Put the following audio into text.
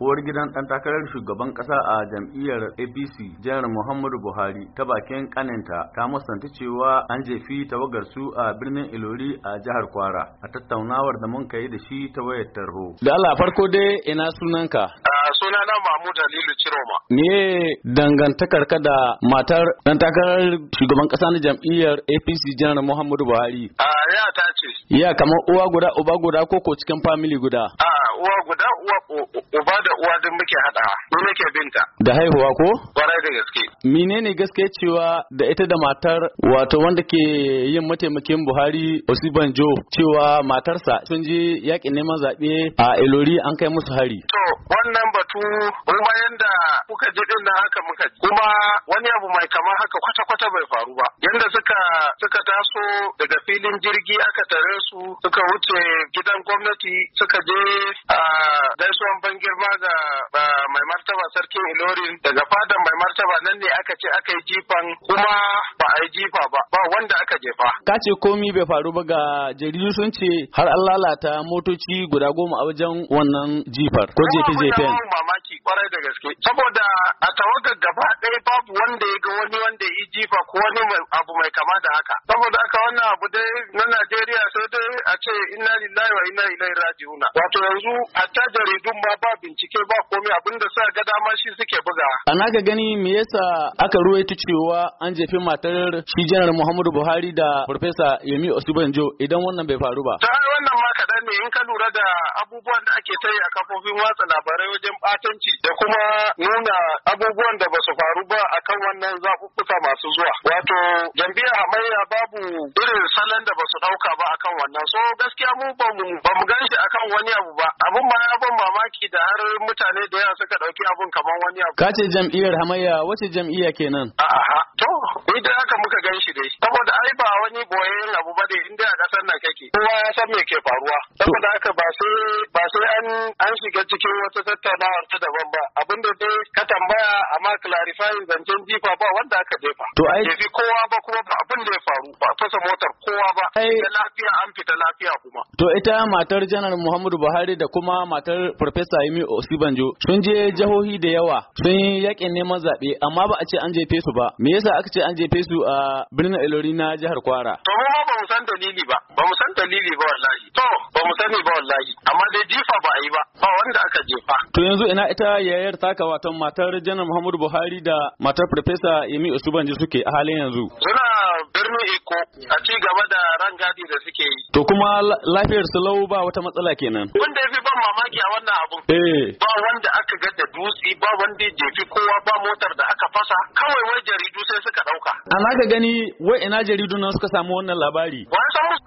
uwar gidan ɗan takarar shugaban ƙasa a jam'iyyar apc jihar muhammadu buhari ta bakin kaninta ta musanta cewa an jefi tawagar su a birnin ilori a jihar kwara a tattaunawar da mun kai da shi ta wayar tarho da allah farko dai ina sunanka sunana mahmud alilu ciroma ne dangantakar ka da matar ɗan takarar shugaban ƙasa na jam'iyyar apc jihar muhammadu buhari a ya ta ce ya kamar uwa guda uba guda ko ko cikin famili guda a uba da uwa duk muke haɗawa ni nake binta da haihuwa ko kwarai da gaske menene gaske cewa da ita da matar wato wanda ke yin mataimakin Buhari Osibanjo cewa matarsa sun je yakin neman zaɓe a Ilori an kai musu hari to wannan batu kuma yanda kuka ji din haka muka kuma wani abu mai kamar haka kwata-kwata bai faru ba suka taso daga filin jirgi aka tare su suka wuce gidan gwamnati suka je a gaisuwan ban girma ga mai martaba sarkin ilorin daga fadan mai martaba nan ne aka ce aka yi jifan kuma ba a yi jifa ba ba wanda aka jefa ka ce komi bai faru ba ga jaridu sun ce har an lalata motoci guda goma a wajen wannan jifar ko jefe jefen mamaki kwarai da gaske saboda a tawagar gaba ɗaya babu wanda ya ga wani wanda ya jifa ko wani abu mai kama da haka saboda haka wannan abu dai na Najeriya sai dai a ce inna lillahi wa inna ilaihi raji'una wato yanzu hatta jaridun ma ba bincike ba komai abinda sa ga dama shi suke buga na ga gani me yasa aka ruwaito cewa an jefi matar shi janar Muhammadu Buhari da Farfesa Yemi Osibanjo idan wannan bai faru ba ta wannan ma kaɗan ne in ka lura da abubuwan da ake ta yi a kafofin watsa labarai wajen ɓatanci da kuma nuna abubuwan da ba su faru ba akan wannan zaɓuɓɓuka masu zuwa. Wato jam'iyyar hamayya babu irin salon da ba su ɗauka ba akan wannan. So gaskiya mu ba mu gan shi akan wani abu ba. Abin ma ya ban mamaki da har mutane da yawa suka ɗauki abun kamar wani abu. Ka ce jam'iyyar hamayya wace jam'iyya kenan? A'a to, ni da haka muka gan shi dai. yin abu ba da inda a kasar nan kake kowa ya san me ke faruwa saboda haka Eh, ba sai an an shiga cikin wata tattaunawa ta daban ba abinda dai ka tambaya amma clarifying zancen jifa ba wanda aka jefa to ai jefi kowa ba kuma ba abin da ya faru ba fasa motar kowa ba ai lafiya an fita lafiya kuma to ita matar janar Muhammadu Buhari da kuma matar professor yimi Osibanjo sun je jihohi da yawa sun yi yakin neman zaɓe amma ba a ce an jefe su ba me yasa aka ce an jefe su a birnin Ilori na jihar Kwara to mu ba mu san dalili ba ba mu san dalili ba wallahi to ba mu sani ba wallahi amma dai jifa ba a yi ba ba wanda aka jefa to yanzu ina ita yayar taka watan matar janar muhammadu buhari da matar farfesa yemi osubanji suke a halin yanzu suna birni eko a ci gaba da rangadi da suke yi to kuma lafiyar su ba wata matsala kenan wanda ya fi ban mamaki a wannan abun eh. ba wanda aka ga da dutsi ba wanda ya jefi kowa ba motar da aka fasa kawai wai jaridu sai suka dauka ana ka gani wai ina jaridu nan suka samu wannan labari wai